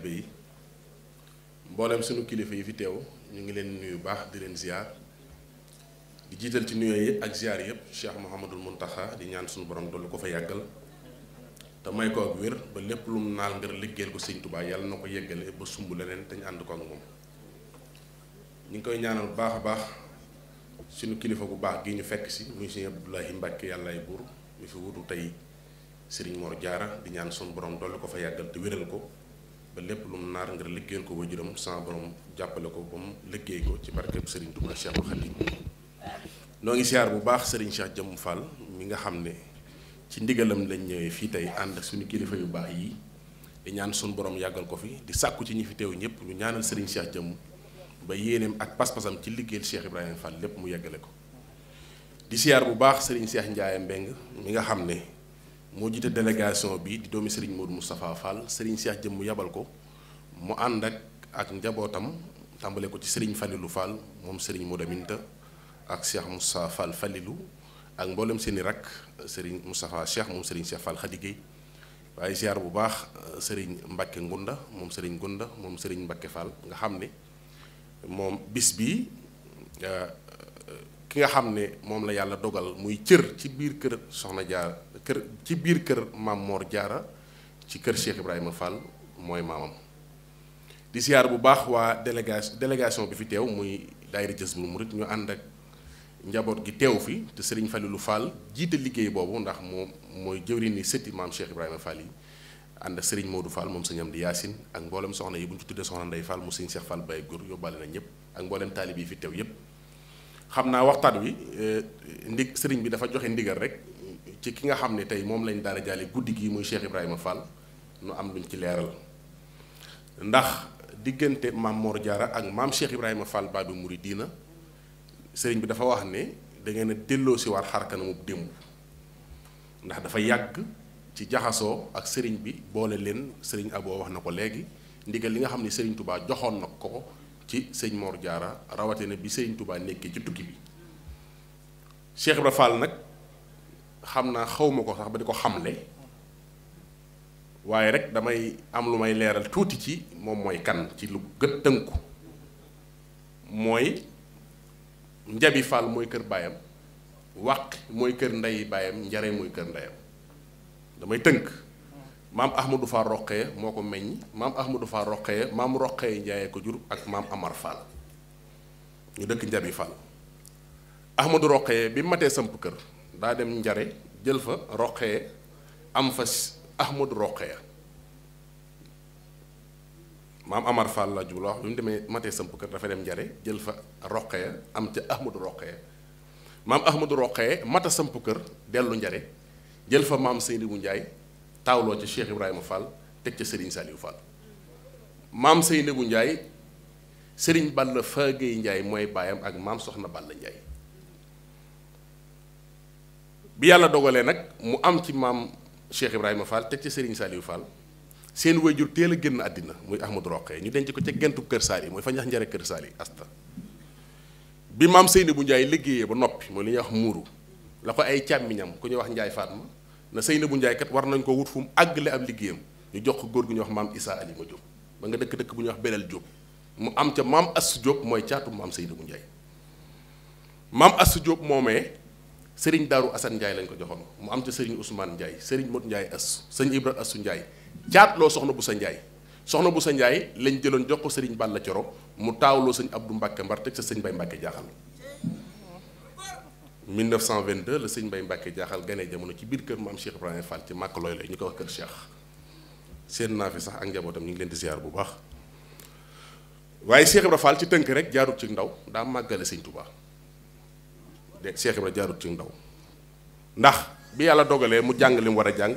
taalibe mboolem suñu kilifa yi fi teew ñu ngi leen nuyu baax di leen ziar di jiital ci nuyoo yi ak ziar yëpp Cheikh Mouhamadul Mountakha di ñaan suñu borom dollu ko fa yàggal te may ko ak ba lépp lu mu naal ngir liggéeyal yàlla na ko yeggale ba sumb leneen te ñu ànd ngi koy ñaanal baax a baax suñu kilifa bu baax gi ñu fekk si muy sëñ Abdoulahi buur mi tey Sëriñ Mor Jaara di ñaan suñu borom dollu ko fa yàggal te wéral ko lépp lu mu naar ngir liggéeyal ko waajuram sama borom jàppale ko ba mu liggéey ko ci barkeb Serigne Touba Cheikhul Khadim noo ngi siyaar bu baax Serigne Cheikh Jëmm Fall mi nga xam ne ci ndigalam lañ ñëwee fii tey ànd suñu kilifa yu baax yi di suñu borom yàggal ko fi di sàkku ci ñi fi ñëpp ñu ñaanal Serigne Cheikh Jëmm ba yéeneem ak pas-pasam ci liggéeyal Cheikh Ibrahima Fall lépp mu yeggale ko di siyaar bu baax Serigne seex Ndiaye Mbeng mi nga xam ne. moo jiite délégation bi di doomi Serigne Modou Moustapha Fall Serigne seex jëm mu yabal ko mu ànd ak ak njabootam tàmbale ko ci sëriñ Falilou Fall moom Serigne Modou Aminta ak Cheikh Moustapha Fall Falilou ak mboolem seeni rakk Serigne Moustapha Cheikh moom Serigne Cheikh Fall Khadigey waaye ziar bu baax euh, Serigne Mbacke Ngunda moom Serigne Ngunda moom Serigne Mbacke Fall nga xam ne moom bis bi euh, euh, ki nga xam ne moom la yàlla dogal muy cër ci biir kër soxna jaar ci biir kër maam Mor Jaara ci kër Cheikh Ibrahima Fall mooy maamam di siyaar bu baax waa délégation délégation bi fi teew muy daayira Jazbul Murid ñu ànd ak njaboot gi teew fi te Serigne lu Fall jiite liggéey boobu ndax moom mooy jëwriñ ni sëtti maam Cheikh Ibrahima Fall yi ànd ak moo du Fall moom sëñ am di Yacine ak mboolem soxna yi bu ñu ci tuddee soxna Ndeye Fall mu sëñ Cheikh Fall Baye Gour yóbbaale na ñëpp ak mboolem taalib yi fi teew yëpp xam naa waxtaan wi eh, ndig Serigne bi dafa joxe ndigal rek ci ki nga xam ne tey moom lañ dara jaale guddi gi muy Cheikh Ibrahima Fall nu am luñ ci leeral ndax diggante maam Mor ak maam Cheikh Ibrahima Fall Baabul Muridiina sëriñ bi dafa wax ne da ngeen a delloosiwaat xar kanamu démb ndax dafa yàgg ci jaxasoo ak sëriñ bi boole leen sëriñ Abo wax na ko léegi ndigal li nga xam ne sëriñ tubaa joxoon na ko ci sëñ Mor Diarra rawatina bi sëriñ Touba nekkee ci tukki bi Cheikh Ibrahima Fall nag. xam naa xaw ma ko sax ba di ko xamle waaye rek damay am lu may leeral tuuti ci moom mooy kan ci lu gën tënku mooy njabi Fall mooy kër baayam waq mooy kër ndeyi baayam njare mooy kër ndeyam damay tënk maam Ahmadou Fall Roqee moo ko meññ maam Ahmadou Fall Roqee maam Roqee njaaye ko jur ak maam Amar Fall ñu dëkk njabi Fall Ahmadou Roqee bi matee sëmp kër daa dem njare jël fa roqee am fa ahmadu roqee maam Amar Fall la jublu wax jël fa roqee am ca ahmadu roqee maam ahmadu roqee mata samp kër dellu njare jël fa maam Seydou njaay taawloo ca Cheikh Ibrahima Fall teg ca Serigne Saliou Fall maam Seydou Ndiaye Serigne Balla Fagué Ndiaye mooy baayam ak maam Soxna Balla Ndiaye bi yàlla dogalee nag mu am ci maam Cheikh Ibrahima Fall teg ci Serigne Saliou Fall seen wayjur teel a génn àddina muy Ahmadou Roqee ñu denc ko ca gentu Kër Saali mooy fa ñax njare Kër Saali asta bi maam bu njaay liggéeyee ba noppi mooy li ñuy wax muuru la ko ay càmmiñam ku ñuy wax Ndiaye Fatma na Seynabou bu njaaykat war nañ ko wut fu mu àggale ab liggéeyam ñu jox ko góor gu ñu wax maam Issa Ali ma Diop ba nga dëkk dëkk bu ñuy wax Belal Diop mu am ca maam Assu Diop mooy caatu maam Seynabou Ndiaye maam sëriñ Daaru Assane Ndiaye lañ ko joxoon mu am ca sëriñ Ousmane Ndiaye sëriñ mot Ndiaye as sëñ Ibra Assou Ndiaye caatloo soxna bu sa Ndiaye soxna bu sa njaay lañ jëloon jox ko sëriñ Balla Coro mu taawloo sëñ Abdou Mbacke Mbar teg sa sëñ Mbaye Mbacke jaaxal 1922 la sëñ Mbaye Mbacke jaaxal ganee jamono ci biir kër maam Cheikh Ibrahima Fall ci màkk looy lay ñu ko wax kër Cheikh seen naa fi sax ak njabootam ñu ngi leen di ziar bu baax waaye Cheikh Ibrahima Fall ci tënk rek jaarut ci ndaw daa màggale sëñ Touba de Cheikh Ibra jaarut ci ndaw ndax bi yàlla dogalee mu jàng mu war a jàng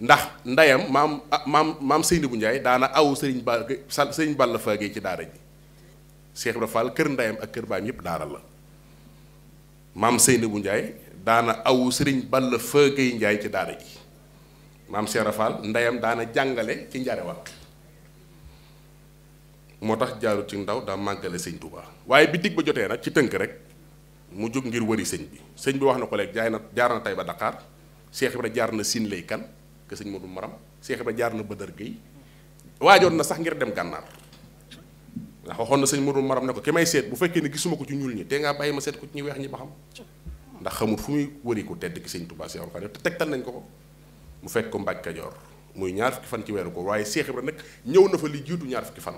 ndax ndeyam maam maam maam bu Njaay daana aw sëriñ ba sëriñ Balla ci daara ji kër ndeyam ak kër baayam yëpp daara la maam Seyni bu Njaay daana aw sëriñ Balla Faagee Njaay ci daara ji maam Cheikh Ibra Fall ndeyam daana jàngale ci njarewaat moo tax jaarut ci ndaw daa màggale sëñ Tuubaa waaye bi digg ba jotee nag ci tënk rek mu jóg ngir wëri sëñ bi sëñ bi wax na ko léegi jaay na jaar na Taïba Dakar Cheikh Ibra jaar na Sine lay kan ke sëñ Modou Maram Cheikh Ibra jaar na Badar Gueye waajoon na sax ngir dem gànnaar ndax waxoon na sëñ Modou Maram ne ko ki may seet bu fekkee ne gisuma ko ci ñuul ñi te ngaa bàyyi ma seet ko ci ñi weex ñi ba xam ndax xamul fu muy wëri ko tedd ki sëñ Touba Cheikh Ibrahima te tegtal nañ ko ko mu fekk ko Mbàkke Kajoor muy ñaar fukki fan ci weeru ko waaye Cheikh Ibra nag ñëw na fa li jiitu ñaar fukki fan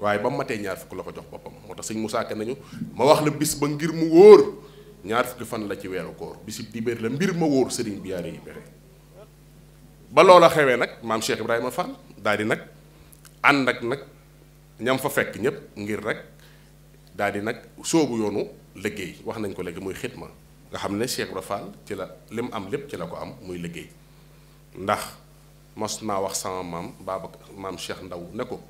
waaye ba mu matee ñaar fukk la ko jox boppam moo tax sëñ Moussa Ka nañu ma wax la bis ba ngir mu wóor ñaar fukki fan la ci weeru koor bisib dibéer la mbir ma wóor sëriñ bi yaare yi bexe ba loola xewee nag maam Cheikh Ibrahima Fall daal di nag ànd nag ñam fa fekk ñëpp ngir rek daal nag soobu yoonu liggéey wax nañ ko léegi muy xitma nga xam ne Cheikh Ibrahima Fall ci la li mu am lépp ci la ko am muy liggéey ndax mos naa wax sama maam baaba maam Cheikh Ndaw ne ko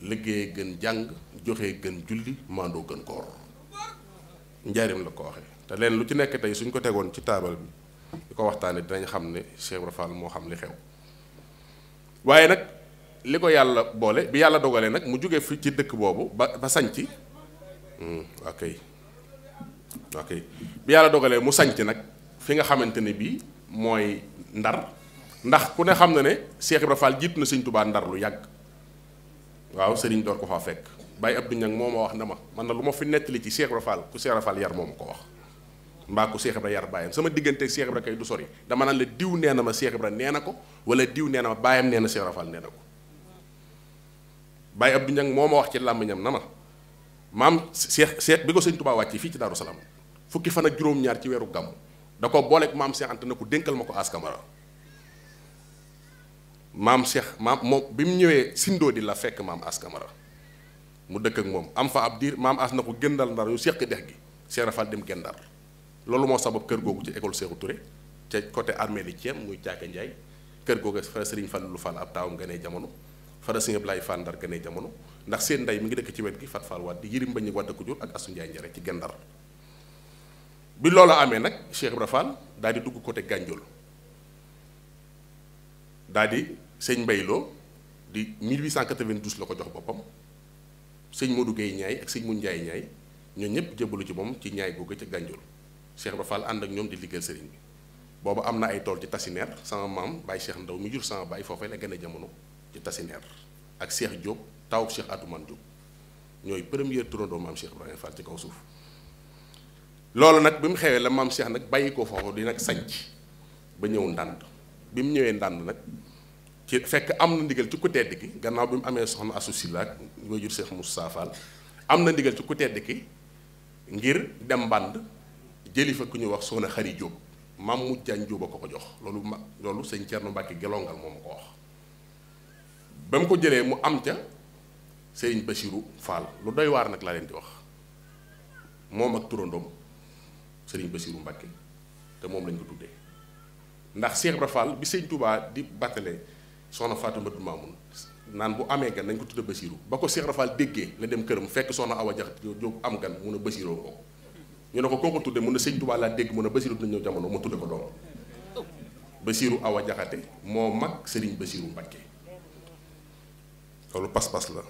liggéey gën jàng joxe gën julli maandoo gën koor njaarim la ko waxee te leen lu ci nekk tey suñ ko tegoon ci taabal bi di ko waxtaanee dinañ xam ne Cheikh Ibra moo xam li xew waaye nag li ko yàlla boole bi yàlla dogalee nag mu jóge fi ci dëkk boobu ba sañc hmm, ok ok bi yàlla dogalee mu sañc nag fi nga xamante ne bii mooy ndar ndax ku ne xam na ne Cheikh Ibra Fall jiitu na Sëñ Tubaa ndar lu yàgg waaw sëriñ door ko faa fekk Baye Abdou Niang moo ma wax na ma man na lu ma fi nettali ci Cheikh Ibra Fall ku Cheikh Ibra Fall moo moom ko wax mbaa ko Cheikh Ibra yar bàyyam sama digganteeg Cheikh Ibra kay du sori dama naan la diw nee na ma Cheikh Ibra nee na ko wala diw nee na ma bàyyam nee na Cheikh Ibra Fall nee na ko Baye Abdou Niang moo ma wax ci làmmiñam na ma maam Cheikh Cheikh bi ko sëñ Touba wàcc fii ci Daaru Salaam fukki fan ak juróom-ñaar ci weeru gàmm da ko booleeg maam Cheikh Anta na ko dénkal ma ko askamara maam Cheikh maam moom bi mu ñëwee sindoo di la fekk maam As Camara mu dëkk ak moom am fa ab diir maam As na ko gëndal ndar yu seq dex gi Cheikh Rafal dem gëndar loolu moo sabab kër googu ci école Cheikhou ture ca côté armée li Thiam muy Caaka Ndiaye kër googu fa Serigne Fallou Fall ab taawam gënee jamono fa la Serigne Ablaye Fall Ndar gënee jamono ndax seen ndey mi ngi dëkk ci wet gi Fat Fall waat di yërim bañ a wàdd ko jur ak Assou Ndiaye Ndiare ci gëndar bi loolu amee nag Cheikh Ibra daal di dugg côté Gandiol sëñ Mbayloo di 1892 la ko jox boppam sëñ mu Guèye Ñaay ak sëñ Mun Njaay Ñaay ñooñ ñëpp jébbalu ci moom ci ñaay googu ca Gànjool Cheikh Ba Fall ànd ak ñoom di liggéeyal sëriñ bi boobu am na ay tool ci Tasineer sama maam Baye Cheikh Ndaw mi jur sama baay foofee la gën a jamono ci Tasineer ak Cheikh Diop taw Cheikh Atoumane Diop ñooy premier turandoo maam Cheikh Ibrahima Fall ci kaw suuf loolu nag bi mu xewee la maam Cheikh nag bàyyi ko foofu di nag sanc ba ñëw ndànd bi mu ñëwee ndànd nag ci fekk am na ndigal ci ku tedd ki gannaaw bi mu amee soxna Astou Sylla ak jur Seex Moussa Fall am na ndigal ci ku tedd ki ngir dem mbànd jëli fa ku ñuy wax soxna Xari Jóob maam mu jaañ Jóob ko ko jox loolu ma loolu sëñ Cerno Mbàkke gelongal moom a ko wax ba mu ko jëlee mu am ca sëriñ Basiru Fall lu doy waar nag laa leen di wax moom ak turandoom sëriñ Basiru Mbàkke te moom lañ ko tuddee ndax Seex Ibra Fall bi sëñ Tuubaa di battale soxna Fatou Mbatou Mamoun naan bu amee gan dañ ko tudde Basiru ba ko Cheikh Rafal déggee la dem mu fekk soxna Awa Jaxate jóg am gan mun a Basiroo ko ñu ne ko ko tudde mun a sëñ Tuubaa laa dégg mun a Basiru dina ñëw jamono mu tudde ko doom Basiru Awa Jaxate moo mag Sëriñ Basiru Mbàkke loolu pas-pas la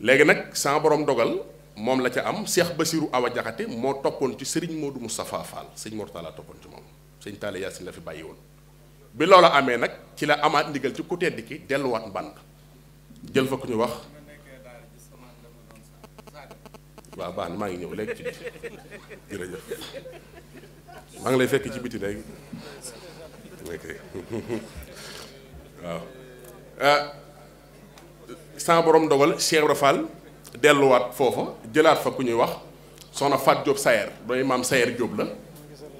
léegi nag sama borom dogal moom la ca am Cheikh Basirou Awa Jaxate moo toppoon ci Serigne Modou Moustapha Fall sëñ Mortala toppoon ci moom sëñ Taale Yaasin la fi bàyyi woon bi loola amee nag ci la amaat ndigal ci ku tedd ki delluwaat mbànd jël fa ku ñu wax waaw baax na maa ngi ñëw léegi ci biti maa ngi lay fekk ci biti léegi waaw euh, sans dogal Cheikh Ibra delluwaat foofa jëlaat fa ku ñuy wax soxna Faat Jóob Sayer dooy maam Sayer Jóob la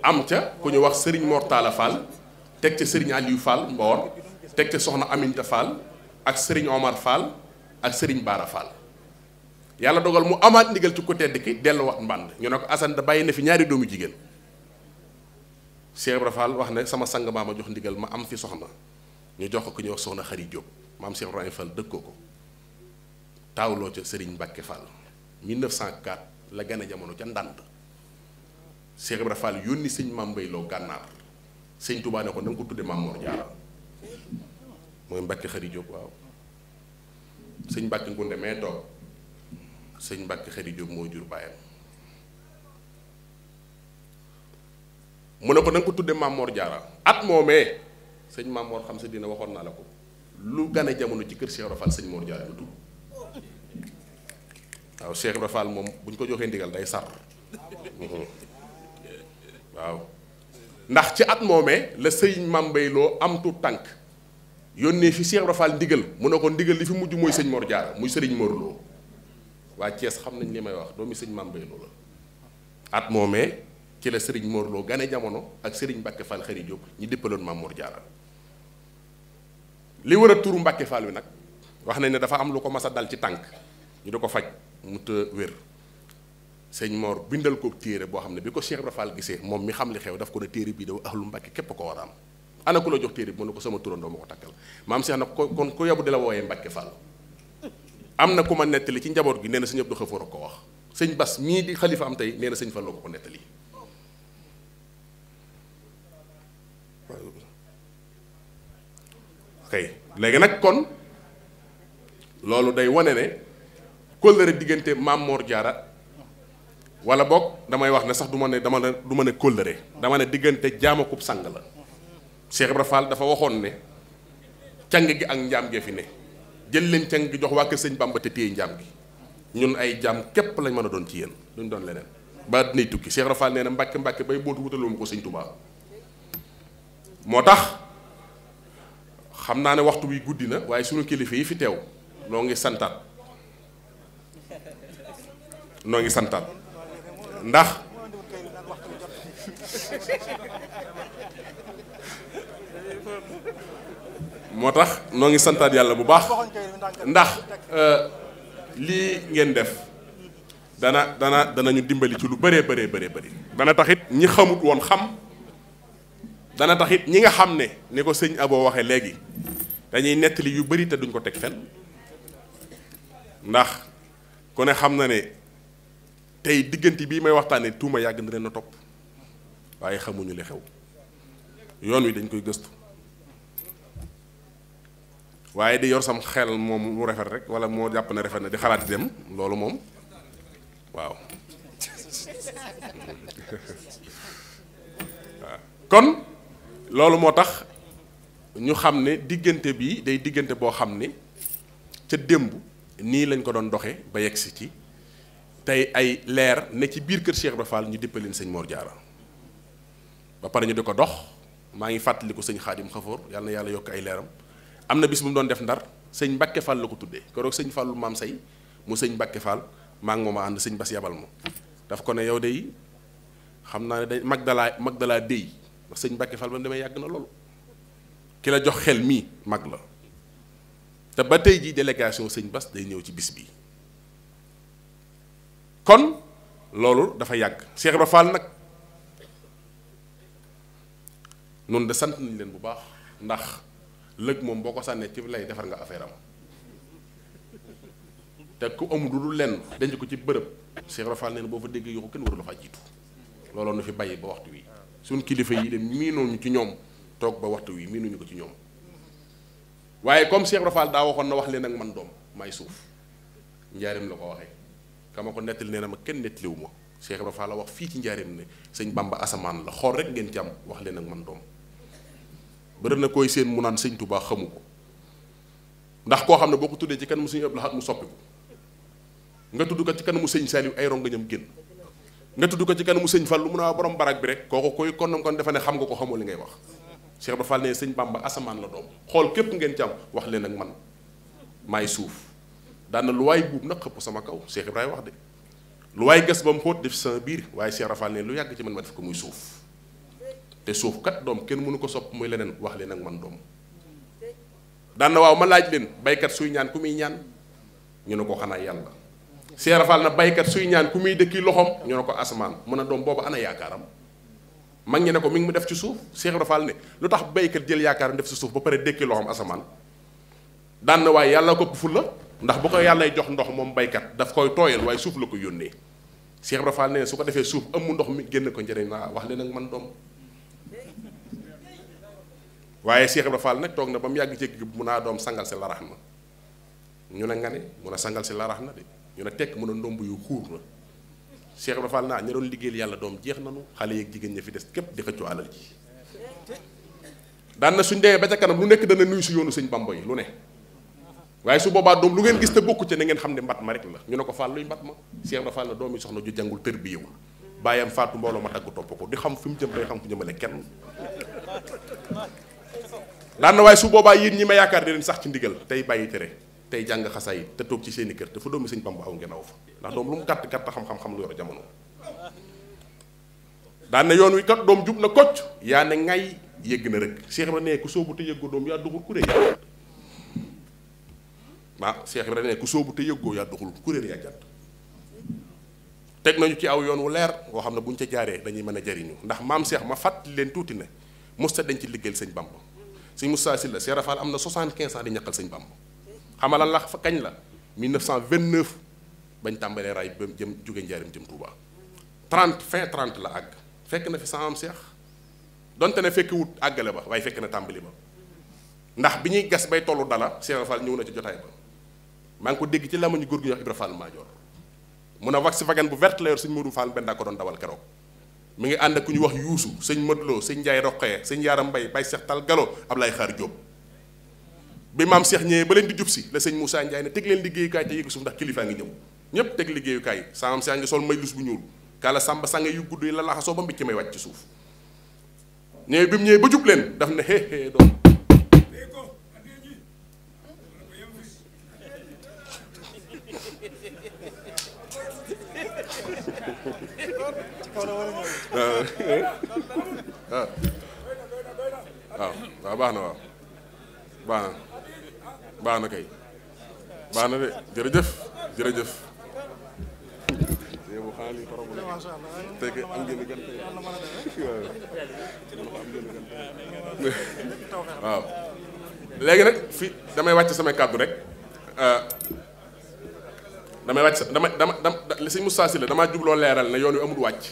am ca ku ñuy wax Sëriñ Mortala Fall teg ca Serigne Aliou Fall Mboor teg ca Soxna Aminta Fall ak Serigne Omar Fall ak sëriñ Bara Fall yàlla dogal mu amaat ndigal ci ko tedd ki delluwaat mbànd ñu ne ko Assane da bàyyi na fi ñaari doomu jigéen Cheikh Ibra wax ne sama sang maa ma jox ndigal ma am fi soxna ñu jox ko ku ñuy wax soxna Xari Diop maam Cheikh Ibrahima Fall dëkkoo ko taawloo ca Serigne Mbacke Fall 1904 la gane jamono ca ndànd Cheikh Ibra yónni sëñ Mame Mbaye gànnaar. sëñ Touba ne ko na ko tudde Maam Mor mooy Mbàkke Xari Jóob waaw sëñ Mbàkke Ngunde mee toog sëñ Mbàkke Xari Jóob moo jur baayam mu ne ko na nga ko tudde Maam Mor at moomee sëñ Maam Mor xam sa dina waxoon naa la ko lu gane jamono ci kër Cheikh Ibra sëñ Mor Jaara la tudd waaw Cheikh moom bu ñu ko joxee ndigal day sar waaw ndax ci at moomee la sëriñ Mame am tu tànk yónnee fi Cheikh Ibra Fall ndigal mu ne ko ndigal li fi mujj mooy sëñ Mor Diarra muy sëriñ Mor Lo waa Thiès xam nañ li may wax doomi sëñ Mame Mbaye Lo la at moome ci la sëriñ Mor Lo gane jamono ak sëriñ Mbacke Fall Xëri Diop ñi déppaloon Mame Mor li war a turu Mbacke Fall bi nag wax nañ ne dafa am lu ko mas a dal ci tànk ñu di ko faj mu të wér sëñ Mor bindal ko téere boo xam ne bi ko Cheikh Ibra Fall gisee moom mi xam li xew daf ko ne téere bii daw ahlu Mbàkke képp ko war a am ana ku la jox téere bi mu ne ko sama turandoo ma ko takkal maam Cheikh nag ko kon ku yabu di la wooyee na ku ma nettali ci njaboot gi nee na sëñ Abdou Xafoor a ko wax sëñ Bas mii di xalifa tey nee na sëñ Fallou ko ko léegi nag kon loolu day wane ne kóllëre Maam moor Jaara wala boog damay wax ne sax du ma ne dama ne du ma ne kóllëre dama ne diggante jaamakub sang la Cheikh dafa waxoon ne càng gi ak njaam gee fi ne jël leen càng gi jox waa kër sëñ Bàmba te téye njaam gi ñun ay jaam képp lañ mën a doon ci yéen duñ doon leneen ba dinay tukki Cheikh Ibra Fall nee na mbàkke mbàkke bay bootu wutaloo ma ko sëñ Tuubaa moo tax xam naa ne waxtu wi guddi na waaye suñu kilifa yi fi teew noo ngi santaat noo ngi santaat ndax moo tax noo ngi santaat yàlla bu baax ndax euh, lii ngeen def dana dana danañu dimbali ci lu bëree bëree bëree bëri dana taxit ñi xamut woon xam dana taxit ñi nga xam ne ni ko sëñ Abo waxee léegi dañuy nettali yu bëri te duñ ko teg fenn ndax ku ne xam na ne tey diggante bii may waxtaanee tuuma yàgg na leen a topp waaye xamuñu li xew yoon wi dañ koy gëstu waaye di yor sam xel moom mu rafet rek wala moo jàpp ne rafet na di xalaat di dem loolu moom waaw kon loolu moo tax ñu xam ne diggante bi day diggante boo xam ne ca démb nii lañ ko doon doxe ba yegg si ci tey ay leer ne ci biir kër Cheikh Ibra Fall ñu dippaleen sëñ Mor jaara ba pare ñu di ko dox maa ngi fàttaliku sëñ Xaadim Xafoor yàlla yàlla yokk ay leeram am na bis bu mu doon def ndar sëñ Mbacke Fall la ko tuddee keroog sëñ Fallu maam say mu sëñ Mbacke Fall maa ngi moom a ànd sëñ Bas yabal ma daf ko ne yow de xam naa ne dañ mag dalaa mag dalaa déy ndax sëñ Mbacke Fall ba mu demee yàgg na loolu ki la jox xel mii mag la te ba tey jii délégation sëñ Bas day ñëw ci bis bi kon loolu dafa yàgg Cheikh Ibra nag noonu de sant nañ leen bu baax ndax lëg moom boo ko sànnee ci lay defar nga affaire am te ku amul lu dul lenn denc ko ci bërëb Cheikh Ibra Fall neen boo fa déggee yuuxu kenn warul fa jiitu looloo nu fi bàyyi ba waxtu wi suñ kilifa yi de miinooñu ci ñoom toog ba waxtu wi miinuñu ko ci ñoom waaye comme Cheikh Ibra Fall daa waxoon na wax leen ak man doom may suuf njaarim la ko waxee kama ko nettali nee na ma kenn nettaliwu ma Cheikh Ibra Fall la wax fii ci njaareem ne sëñ Bamba asamaan la xool rek ngeen ci wax leen ak man doom bëri na koy seen mu naan sëñ Touba xamu ndax koo xam ne boo tuddee ci kan mu sëñ Abdou Lahad mu soppi nga tudd ci kanamu sëñ Saliou ay rongañam génn nga tudd ko ci kanamu sëñ Fallu mun a borom barak bi rek kooku koy konnam kon defe ne xam nga ko xamoo li ngay wax Cheikh Ibra Fall ne sëñ Bamba asamaan la doom xool képp ngeen ci wax leen ak man maay suuf daan na lu waay buub nag xëpp sama kaw Cheikh Ibrahima wax de lu waay gas ba mu xóot def sama biir waaye Cheikh Rafal ne lu yàgg ci man ma def ko muy suuf te suuf kat doom kenn mënu ko sopp muy leneen wax leen ak man doom daan na waaw ma laaj leen baykat suy ñaan ku muy ñaan ñu ne ko xanaa yàlla Cheikh Rafal na baykat suy ñaan ku muy dëkki loxoom ñu ne ko asamaan mën a doom boobu ana yaakaaram mag ñi ne ko mi mu def ci suuf Cheikh Rafal ne lu tax baykat jël yaakaar yaakaaram def si suuf ba pare dëkki loxom asamaan daan waaye yàlla ko ëpp fulla ndax bu ko yàllay jox ndox moom baykat daf koy tooyal waaye suuf la ko yónnee Cheikh Ibra Fall ne su ko defee suuf ëmm ndox mi génn ko njëriñ naa wax leen ak man doom waaye Cheikh Ibra nag toog na ba mu yàgg jéggi mun naa doom sangal si larax na ñu ne nga ne mun a sangal si larax na de ñu ne tekk mun a ndomb yu xuur na Cheikh Ibra naa ña doon liggéeyal yàlla doom jeex nanu xale yeeg jigéen ña fi des képp di xëccoo alal ji daan na suñ demee ba ca kanam lu si yoonu sëñ Bamba yi lu ne waaye su boobaa doom lu ngeen gis te bokku ci na ngeen xam ne mbat ma rek la ñu ne ko Fall luy mbat ma Cheikh Ibra Fall la doomi soxna ju jàngul tër bi yow bàyyam faatu mbooloo ma topp ko di xam fi mu jëm day xam ku jëmale daan na waaye su boobaa yéen ñi ma yaakaar di sax ci ndigal tey bàyyi tere tey jàng xasaay te toog ci seeni kër te fa doomi sëñ Bamba aw ngeen ndax doom lu mu gàtt xam-xam xam lu yor wi kat doom jub na kocc yaa ne ngay yëgg na rek Cheikh Ibra ne ku soobu doom yaa duxul kuré waaw ah, Cheikh Ibrahima da ne ku sóobu te yëggoo yaa doxul kuréel yaa jàdd teg nañu ci aw yoon wu leer woo xam ne bu ñu ca jaaree dañuy mën a jariñu ndax maam seex ma fàtt leen tuuti ne musta dañ ci liggéeyal sëñ Bamb sëñ Moussa Sylla Cheikh Rafal am na 75 ans di ñaqal sëñ Bamb xamala la fa kañ la vingt 1929 bañ tàmbalee raay ba jëm jóge njaarim jëm Touba 30 fin 30 la àgg fekk na fi sama am donte ne fekk wut àggale ba waaye fekk na tàmbali ba ndax bi ñuy gas bay tollu dala Cheikh Rafal ñëw na ci jotaay maa ngi ko dégg ci lamañu góor gu ñuy wax Ibra Fall Maajoor mu ne wax si wagen bu verte la yor sëñ Modou Fall Mbenda ko doon dawal keroog mu ngi ànd ak ku ñu wax Yuusu sëñ Modlo sëñ Njaay Roqee sëñ Yaaram Mbay Bay Seex Tal Galo lay Xaar Jóob bi maam Seex ñëwee ba leen di jub si la sëñ Moussa Ndiaye ne teg leen liggéeyukaay te yéegu suuf ndax kilifaa ngi ñëw ñépp teg liggéeyukaay sama maam Seex ngi may lus bu ñuul kala sàmba sànga yu gudd yi la laxasoo ba mbicc may wàcc ci suuf ñëwee bi mu ba jub daf ne xéexée waaw ah, eh? ah. ah. waaw baax na waaw baax na kay baax na de jërëjëf jërëjëf yow xanaa lii waaw léegi nag fii damay wàcc samay kàddu rek damay wàcc sax dama dama dama sëñ Moustapha Sylla damaa jubloo leeral ne yoon wi amul wàcc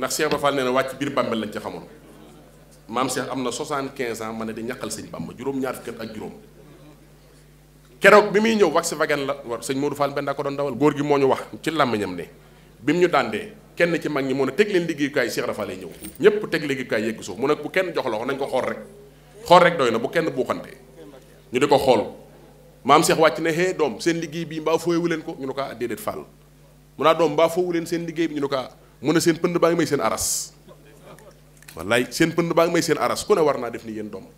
ndax Cheikh Ibra Fall nee na wàcc biir bàmmeel lañ ca xamoon maam Cheikh am na 75 ans ma ne di ñaqal sëñ Bamba juróom-ñaar fukki ak juróom keroog bi muy ñëw wax si wagen la war sëñ Modou Fall benn daa ko doon dawal góor gi moo ñu wax ci làmmiñam ne bi mu ñu dàndee kenn ci mag ñi moo ne teg leen kaay Cheikh Ibra Fall lay ñëw ñëpp teg liggéeyukaay yegg suuf mu ne bu kenn jox loxo nañ ko xool rek xool rek doy na bu kenn buuxante ñu di ko xool maam seex wàcc ne hee doom seen liggéey bi mbaa fooyewu leen ko ñu ne ko ah déedéet Fall mu naa ah, doom mbaa fooyewu leen seen liggéey bi ñu ne ko ah mu ne seen pënd baa ngi may seen aras wallaay seen pënd baa ngi may seen aras ku ne war naa def ni yéen doom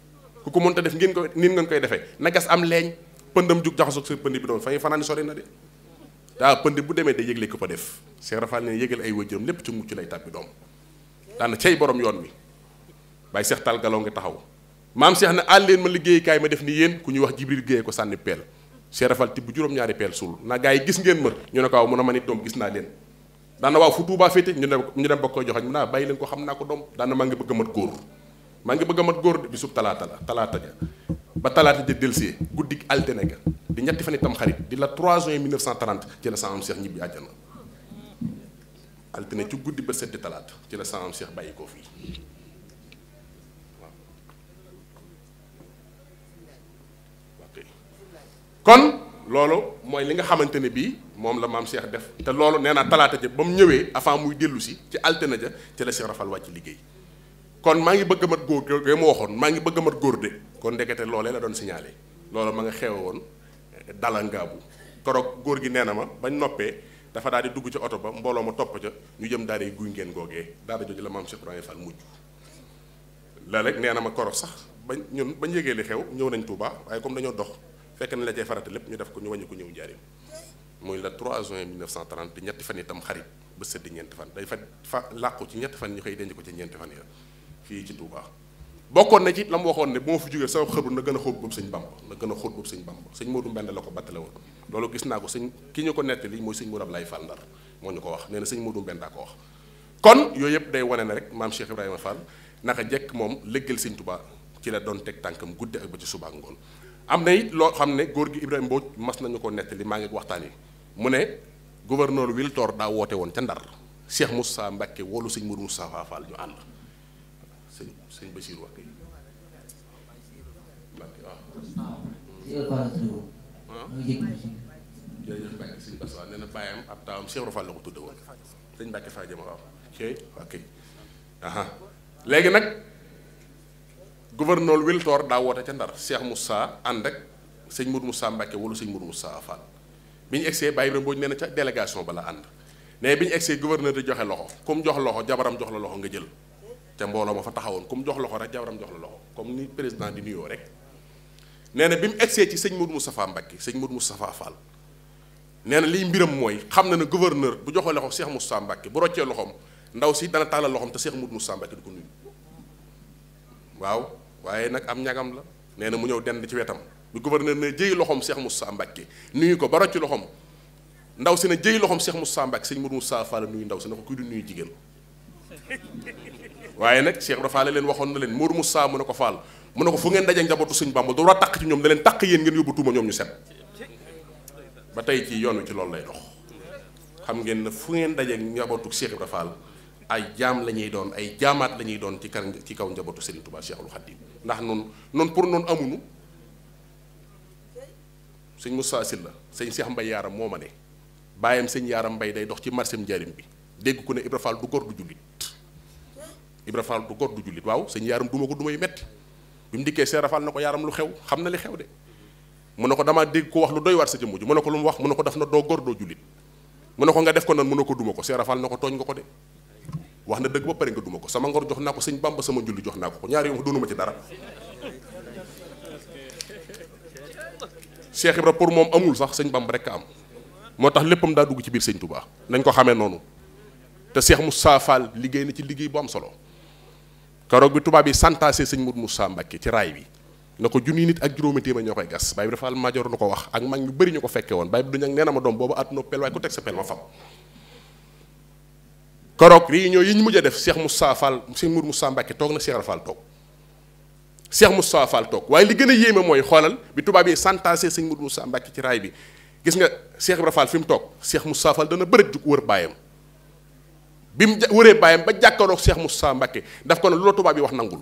ku ko mënta def ngeen ko niin ngeen koy defee na gas am leeñ pëndam jug jaxasoog seen pënd bi doom fa ngi fanaan sori na de daa pënd bu demee day yëgle ko fa def Cheikh Rafal ne yëgal ay waajuram lépp ci mucc lay tàbbi doom daana cay borom yoon wi bàyyi Cheikh Tall Galaw nga taxaw maam Cheikh na àll leen ma liggéeykaay ma def ni yéen ku ñuy wax Jibril Guèye ko sànni peel seerafal tibb juróom-ñaari peel suul na gaa yi gis ngeen ma ñu ne ko waaw mun a ma nit doom gis naa leen daana waaw fu Tuubaa féete ñu dem ñu dem ba koy joxañ mu naa ah, bàyyi leen ko xam naa ko doom daana maa ngi bëgg a mat góor maa ngi bëgg a mat góor bisub talaata la talaata ja ba talaata ja delsee guddi altine ga di ñetti fan itam xarit di la 3 juin 1930 ci la saamam Cheikh ñibbi àjjana altine ci guddi ba setti talaata ci la saamam Cheikh bàyyi koo fii kon loolu mooy li nga xamante ne bii moom la maam Cheikh def te loolu nee naa talaata ja ba mu ñëwee avant muy dellu si ci altine ja ci la Cheikh Rafal wàcc liggéey kon maa ngi bëgg a mat góor ge ma waxoon maa ngi bëgg a góor de kon ndekete loolee doon signalé loolu ma nga xewe woon eh, dalangaabu koroog góor gi nee na ma bañ noppee dafa daal di dugg ca oto ba mbooloo ma topp ja ñu jëm daal di guy ngeen googee daal di jooju la maam Cheikh Ibrahima Fall mujj la rek nee na ma koroog sax bañ ñun bañ yëgee li xew ñëw nañ Touba waaye comme dañoo dox fekk na la cay farata lépp ñu def ko ñu wàññi ko ñëw njaarim muy la 3 juin 1930 di ñetti fan itam xarit ba sëddi ñeenti fan day fa fa làqu ci ñetti fan ñu koy denc ko ci ñeenti fan ya fii ci Touba bokkoon na ci la mu waxoon ne bu ma fi jógee sama xëru na gën a xóot boobu sëñ Bamba na gën a xóot boobu la ko battale loolu gis naa ko sëñ ki ñu ko nettali mooy sëñ Modou Ablaye Fall Ndar moo ñu ko wax nee na sëñ Modou Mbend daa ko wax kon yooyu yëpp day wane ne rek maam Cheikh Ibrahima Fall naka jekk moom lëggal sëñ Touba ci la doon teg tànkam gudde ak ba ci suba ngoon am na it loo xam ne góor gi Ibrahima Mbodj mas nañu ko nettali maa ngi waxtaan yi mu ne gouverneur Wiltor daa woote woon ca Ndar Cheikh Moussa Mbacke wolu sëñ Mourou Moussa Fall ñu ànd sëñ sëñ Bachir wax jërëjëf Mbacke sëñ Bass waaw nee na bàyyam ab taawam Cheikh Ibra la ko tudde woon sëñ Mbacke Fall jëma waaw léegi nag gouverneur Wiltor daa woote ca Ndar Cheikh Moussa ànd ak sëñ Mourou Moussa Mbacke wala sëñ Mourou Moussa Fall bi ñu egsee Baye Ibrahima Mbodj nee na ca délégation ba la ànd mais bi ñu egsee gouverneur joxe loxo ku mu jox loxo jabaram jox la loxo nga jël te mbooloo ma fa taxawoon ku mu jox loxo rek jabaram jox la loxo comme ni président di nuyoo rek nee na bi mu egsee ci sëñ Mourou Moustapha Mbacke sëñ Mourou Moustapha Fall nee na liy mbiram mooy xam na ne gouverneur bu joxee loxo Cheikh Moussa Mbacke bu roccee loxoom ndaw si dana tàllal loxoom te Cheikh Mourou Moussa Mbacke di ko nuyu waaw waaye nag am ñagam la nee na mu ñëw dend ci wetam bi gouverneur ne jëy loxoom seex Cheikh Moussa Mbacke nuyu ko ba rocc loxoom ndaw si ne jëy loxoom Cheikh Moussa Mbacke sëñ Mourou Moussa Fall nuyu ndaw si ne ko kuy du nuyu jigéen waaye nag Cheikh Ibra Fall leen waxoon na leen mu Moussa mu ne ko Fall mu ne ko fu ngeen daje njabootu sëñ Bamba du war a taq ci ñoom da leen taq yéen ngeen yóbbu tuuma ñoom ñu set ba tey ci yoon wi ci loolu lay dox xam ngeen ne fu ngeen daje njabootu Cheikh Ibra Fall ay jaam la ñuy doon ay jaamaat lañuy doon ci kan ci kaw njabootu Serigne Touba Cheikhul Khadim ndax noonu noonu pour noonu amuñu sëñ Moussa Sylla sëñ seex Mbaye yaaram moo ma ne bàyyam sëñ yaaram mbay day dox ci marché njaarim bi dégg ku ne Ibra Fall du góor du jullit Ibra du góor du jullit waaw sëñ yaaram duma ko duma metti bi mu dikkee Rafal na ko yaaram lu xew xam na li xew de mu ne ko damaa dégg ko wax lu doy waar sa jëmm ji mu ne lu mu wax mu ne ko daf na doo góor doo jullit mu ne ko nga def ko nan mu ne ko duma ko Cheikh Rafal na ko tooñ nga ko de wax na dëgg ba pare nga duma ko sama ngor jox naa ko sëñ Bamba sama julli jox naa ko ko ñaari yoon doonuma ci dara Cheikh Ibra pour moom amul sax sañ Bamba rek a am moo tax léppam daa dugg ci biir sëñ Touba nañ ko xamee noonu te Cheikh mu Fall liggéey na ci liggéey bu am solo karoog bi tubaab yi santaase sëñ Mourou Moussa Mbacke ci raay bi na ko junni nit ak juróomi téeméer ñoo koy gas Baye Ibra Fall Madior na ko wax ak mag ñu bëri ñu ko fekke woon na ma doom boobu at noo pel waaye ku teg sa pel ma koroog réunion yi ñu mujj a def seex Moussa Fall Cheikh Mour Moussa Mbacke toog na Cheikh Ibra Fall toog Cheikh toog waaye li gën a yéeme mooy xoolal bi tubaab yi santaase sëñ Mour Moussa Mbacke ci raay bi gis nga Cheikh Ibra Fall fi mu toog Cheikh Moussa Fall dana bërëj jug wër baayam bi mu wëree baayam ba jàkkaaroog seex Moussa Mbacke daf ko ne loolu tubaab yi wax nangul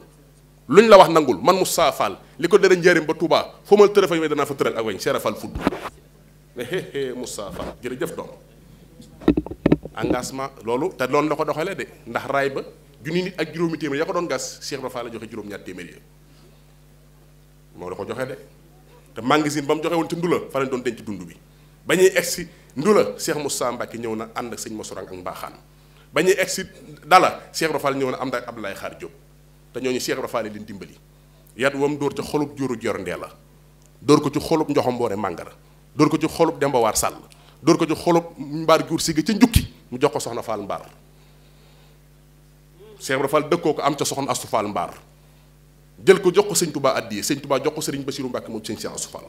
luñ la wax nangul man Moussa Fall li ko dara njëriñ ba Touba foo ma tërëfa yi danaa fa tëral ak weñ Cheikh Ibra Fall fudd Moussa engagement loolu te loolu la ko doxalee de ndax raay ba junni nit ak juróomi téeméer ya ko doon gas Cheikh ba Fall la joxe juróom-ñaar téeméer ya moo la ko joxe te magasin ba mu joxe ci ndula fa lañ doon denc dund bi ba ñuy egsi ndula Cheikh Moussa Mbacke ñëw na ànd ak sëñ Masorang ak Mbaaxaan ba ñuy egsi dala Cheikh ñëw na am ak Abdoulaye Xaar Diop te ñooñu Cheikh Ibra Fall leen dimbali yat wam dóor ca xolub jóoru jorndee la door ko ci xolub njoxomboore màngara dóor ko ci xolub dembawaar sàll ko ci xolub si ga ca njukki mu jox ko soxna Fall Mbaar Cheikh Ibra Fall dëkkoo ko am ca soxna Astu Fall Mbaar jël ko jox ko sëñ Touba addiye sëñ Touba jox ko sëriñ Basiru Mbàkke moom sëñ Cheikh Astu Fall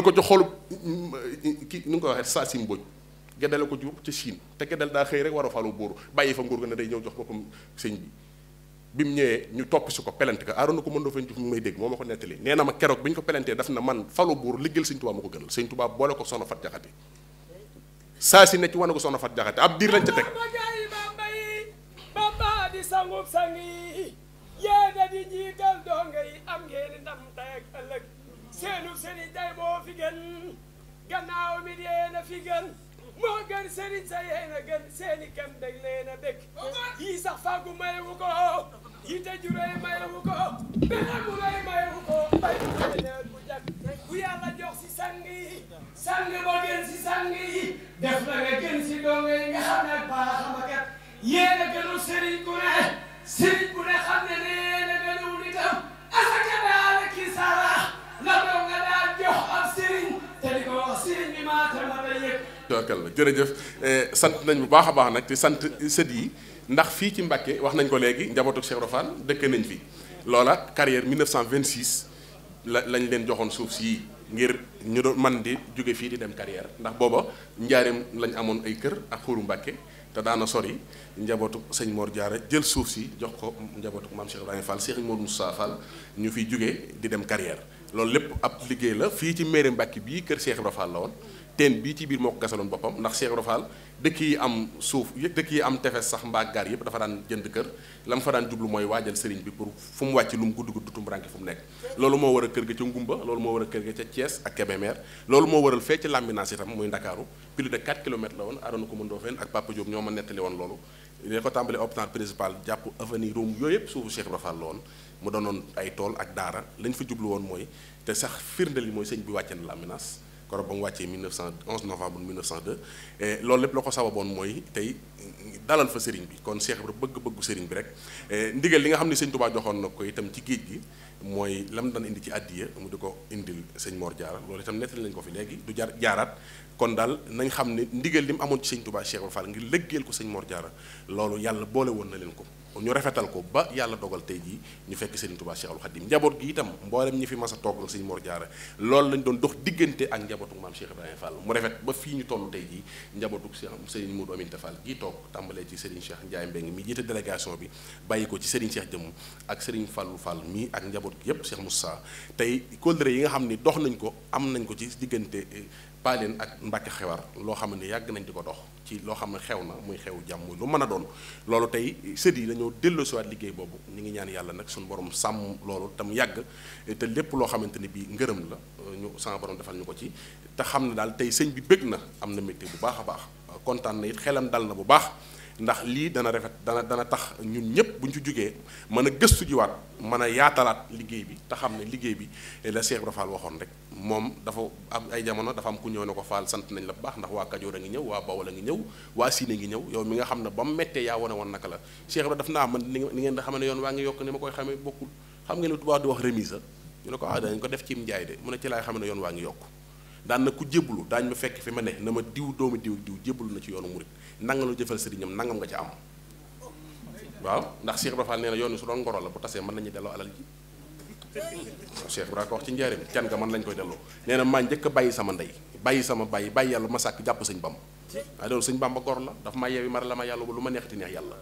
ko jox xolu ki nu ko waxee saa si mbóoj geddale ko jur ca Chine te geddal daa a falu bàyyi fa nguur ga ñëw jox boppam sëñ bi bi mu ñëwee ñu topp si ko pelante ko aaroon na ko mën doo fañ mu may dégg moo ma ko nettali nee ma keroog bi ñu ko pelantee daf na man falu buur liggéeyal sëñ Tuubaa ma ko gënal sëñ Tuubaa boole ko soxna Fat Jaxate saa si ne ci wanagu soxna Fatou Jaxate ab diir lañ ca teg yéena di jiital donga yi am ngeen ndam tey ak ëllëg seenu sëriñ day moo fi gën gannaaw mi yéena fi gën moo gën sëriñ sa yéena gën seeni kam dag leena dëkk yii sax fàggu mayu ko yite ju rëy mayewu ko pexe bu rëy mayewu ko mbay bu nawet bu jag bu yàlla jox si sang yi sang ba gën si sang yi def na nga gën si donge yi nga xam ne baa xamakat yéen a gënu sëriñ bu ne sëriñ bu ne xam ne ne yéen a gënu nitam asaka daal kii saara la doon nga daal jox ak sëriñ te di ko wax sëriñ bi maa tamara yëpp. jërëjëf eh, sant nañ bu baax a baax nag te sant sët yi. ndax fii ci Mbàkke wax nañ ko léegi njabootu Cheikh Rofane dëkk nañ fi loola carrière 1926 la lañ leen joxoon suuf si ngir ñu doon man di jóge fii di dem carrière ndax booba njaareem lañ amoon ay kër ak xuuru Mbàkke te daana sori njabootu sëñ Mor Diarra jël suuf si jox ko njabootu maam Cheikh Ibrahima Fall Cheikh Mor Moussa ñu fiy jóge di dem carrière loolu lépp ab liggéey la fii ci mairie Mbàkke bii kër Cheikh Ibra Fall la woon teen bii ci biir moo ko gasaloon boppam ndax Cheikh Ibra dëkk yi am suuf dëkk yi am tefes sax mbaa gaar yépp dafa daan jënd kër la mu fa daan jublu mooy waajal sëriñ bi pour fu wàcc lu mu gudd gudd tumburanke fu nekk loolu moo war a kër ga ca Ngumba loolu moo a kër ga ca Thiès ak Kébémer loolu moo waral fee ci Lambinaas itam muy Ndakaaru plus de 4 kilomètres la woon aroona ko Ndofène ak Papa Diop ñoo ma nettali woon loolu dina ko tàmbale hôpital principal jàpp avenue Rome yooyu tool ak daara lañ fa jublu woon mooy te sax firnde li mooy sëñ bi wàcce na koroog ba mu wàccee 1911 novembre 1902 loolu lépp la ko sababoon mooy tey dalal fa sëriñ bi kon Cheikh Ibra bëgg-bëggu sëriñ bi rek ndigal li nga xam ne sëñ Tuubaa joxoon nag ko itam ci géej gi mooy lam daan indi ci àddiya mu di ko indil sëñ moor Diarra loolu itam nettali nañ ko fi léegi du jaar jaaraat kon daal nañ xam ne ndigal li mu amoon ci sëñ Tuubaa Cheikh Ibra ngir lëggeel ko sëñ Mor Diarra loolu yàlla boole woon na leen ko ñu rafetal ko ba yàlla dogal tey jii ñu fekk Serigne Touba Cheikhul Khadim njaboot gi itam mboolem ñi fi mas a toog ak moo Mor Diarra loolu lañ doon dox diggante ak njabootu maam Cheikh mu rafet ba fii ñu toll tey jii njabootu Serigne Modou Aminta Fall gii toog tàmbalee ci Serigne seex Ndiaye Mbeng mi jiite délégation bi bàyyi ko ci Serigne Cheikh Jëmm ak Serigne Fallou Fall mii ak njaboot gi yépp Cheikh Moussa tey kóllëre yi nga xam ni dox nañ ko am nañ ko ci diggante paaleen ak Mbàkke xewar loo xam ne yàgg nañ di ko dox ci loo xam ne xew na muy xew jàmm muy lu mën a doon loolu tey sët yi dañoo delloosiwaat liggéey boobu ñu ngi ñaan yàlla nag suñu borom sàmm loolu mu yàgg te lépp loo xamante ni bii ngërëm la ñu sama borom defal ñu ko ci te xam ne daal tey sëñ bi bëgg na am na métti bu baax a baax kontaan na it xelam dal na bu baax ndax lii dana rafet dana dana tax ñun ñëpp bu ñu ci jógee mën a gëstu jiwaat mën a yaatalaat liggéey bi te xam ne liggéey bi la Cheikh Ibra Fall waxoon rek moom dafa am ay jamono dafa am ku ñëw ne ko Fall sant nañ la bu baax ndax waa Kajoor a ngi ñëw waa Bawol a waa Sine ñëw yow mi nga xam ne ba mu méttee yaa wane woon naka la Cheikh Ibra daf naa man ni ngeen da xam ne yoon waa ngi yokk ni ma koy xamee bokkul xam ngeen ne tubaab di wax remise ñu ne ko ah dañ ko def ci njaay de mu ne ci laay xam ne yoon waa ngi yokk daan na ku jéblu daañ ma fekk fi ne na ma diw doomu diw diw jéblu na ci yoonu murit nanga lu jëfal sëriñam nangam nga ci am waaw ndax Cheikh Ibra Fall nee na yoon wi su doon ngoro la bu tasee mën nañu delloo alal ji Cheikh Ibra ko wax ci njaareem can nga mën lañ koy delloo nee na maa njëkk a bàyyi sama ndey bàyyi sama bàyyi bàyyi yàlla ma sàkk jàpp sëñ Bamba waaye loolu sëñ Bamba gor la dafa maa yeewi mar la ma yàlla ba lu ma neex neexati neex yàlla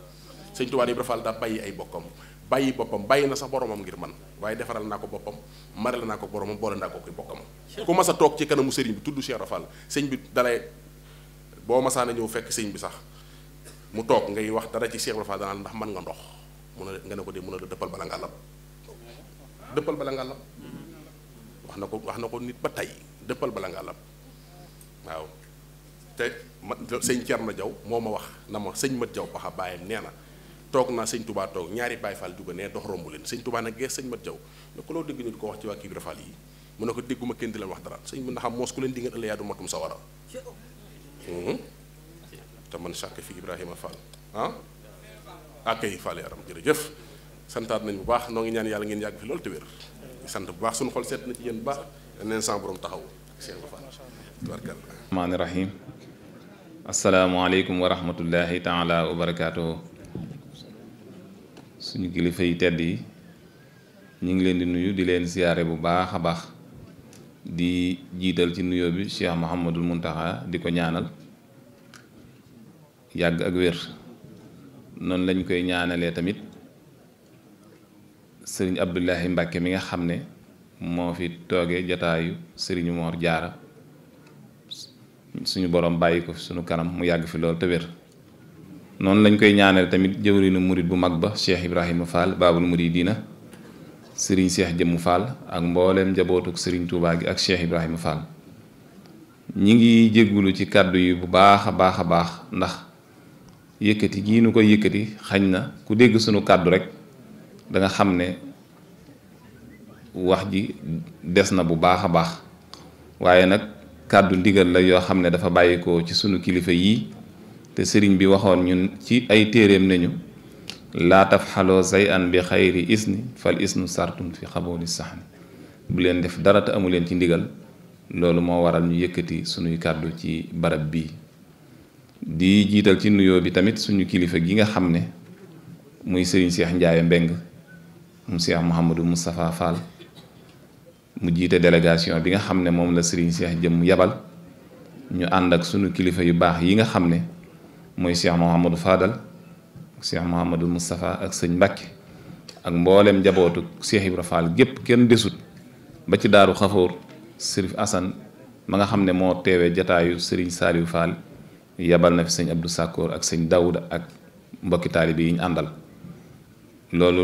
sëñ Tuubaa Ibra Fall daa bàyyi ay bokkam bàyyi boppam bàyyi na sax boromam ngir man waaye defaral naa ko boppam maral naa ko boromam boole naa ko koy bokkam ku toog ci kanamu sëriñ bi tudd Cheikh Ibra boo masaana ñëw fekk sëñ bi sax mu toog ngay wax dara ci Cheikh Ibra Fall ndax man nga ndox mun a nga ne ko dee mun a la dëppal bala ngàllam dëppal bala ngàllam wax na ko wax na ko nit ba tey dëppal bala ngàllam waaw te ma sëñ Thierno Diaw moo ma wax na ma sëñ Mat Diaw baxa baayam na naa sëñ Touba ñaari Baye Fall ne dox romb leen sëñ Touba nag gees loo dégg ñu di wax ci waa Kibra Fall yi mu ne ko dégguma kenn di leen wax dara sëñ bi ndax am moos ku leen di ngeen ëllëg yaa du matum sa wara Mhm. te man sàkk fi Ibrahima Fall ah akay Fall yaram jërëjëf santaat nañ bu baax noo ñaan yàlla ngeen yàgg fi loolu te sant bu baax suñu xol seet na ci yéen bu baax neen sa borom taxaw asalaamaaleykum wa rahmatullahi taala wa barakaatu suñu kilifa yi tedd yi ñu ngi leen di nuyu di leen siyaare bu baax a baax di jiital ci nuyoo bi Cheikh Mouhamadul Mountakha di ko ñaanal yàgg ak wér noonu lañ koy ñaanalee tamit sëriñ Abdullahi Mbàkke mi nga xam ne moo fi tooge jataayu sëriñu Moor Jaara suñu borom bàyyi ko fi suñu kanam mu yàgg fi lool te wér noonu lañ koy ñaanale tamit jëwriñu murit bu mag ba Cheikh Ibrahima Fall Baabul Muridiina sëriñ Cheikh Jëmmu Fall ak mbooleem njabootuk sëriñ Touba gi ak Cheikh Ibrahima Fall ñi ngi jéggulu ci kàddu yi bu baax a baax a baax ndax yëkkati gii nu ko yëkkati xañ na ku dégg sunu kàddu rek da nga xam ne wax ji des na bu baax a baax waaye nag kàddu ndigal la yoo xam ne dafa bàyyikoo ci sunu kilifa yii te sëriñ bi waxoon ñun ci ay téeréem nañu laa tafxaloo say an bi xayri isni fal isnu sartun fi xabooli saxni bu leen def dara te amu leen ci ndigal loolu moo waral ñu yëkkati suñuy kàddu ci barab bii di jiital ci nuyoo bi tamit suñu kilifa gi nga xam ne muy sëriñ seex njaaye mbeng mu seex Mouhamadou Moustapha mu jiite délégation bi nga xam ne moom la sëriñ seex jëm yabal ñu ànd ak sunu kilifa yu baax yi nga xam ne mooy seex Mouhamadou faadal Cheikh Mouhamadul mustafa ak sëñ Mbacke ak mboolem njabootu Cheikh Ibra Fall gépp kenn desut ba ci daaru xafoor Sërif Assane ma nga xam ne moo teewee jataayu Serigne Saliou Fall yabal na fi sëñ ak sëñ Daouda ak mbokki taalibe yi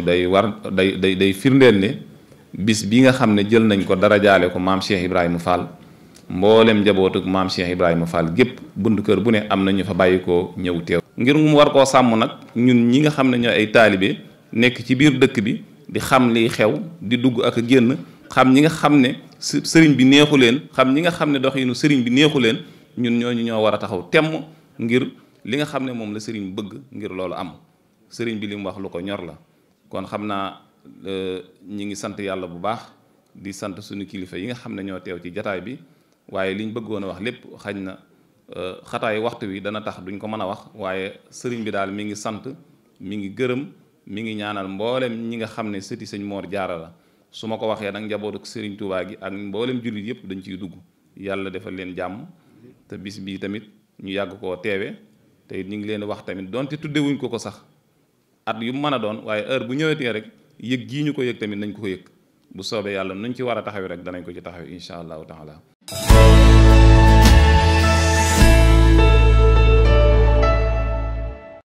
day war day day day firndeel ne bis bi nga xam ne jël nañ ko dara jaale ko maam Ibrahima Fall mboolem njabootug maam Cheikh Ibrahima Fall gépp bunt kër bu ne am na ñu fa bàyyi ko ñëw teew. ngir mu war koo sàmm nag ñun ñi nga xam ne ñooy ay taalibe nekk ci biir dëkk bi di xam liy xew di dugg ak a génn xam ñi nga xam ne sëriñ bi neexu leen xam ñi nga xam ne doxinu sëriñ bi neexu leen ñun ñooñu ñoo war a taxaw temm ngir li nga xam ne moom la sëriñ bëgg ngir loolu am sëriñ bi li mu wax lu ko ñor la kon xam naa euh, ñi ngi sant yàlla bu baax di sant suñu kilifa yi nga xam ne ñoo teew ci jataay bi waaye liñ bëggoon a wax lépp xañ na Euh, xataay waxtu wi dana tax duñ ko mën a wax waaye sëriñ bi daal mi ngi sant mi ngi gërëm mi ngi ñaanal mboolem ñi nga xam ne sëti sëñ Moor Jaara la su ma ko waxee nag njabootu sëriñ Tuubaa gi ak mboolem jullit yëpp dañ ciy dugg yàlla defal leen jàmm te bis bii tamit ñu yàgg koo teewe te ñu ngi leen wax tamit donte tuddewuñ ko ko sax at yu mën a doon waaye heure bu tee rek yëg gii ñu ko yëg tamit nañ ko ko yëg bu soobee yàlla nuñ ci war a taxawee rek danañ ko ci taxawee incha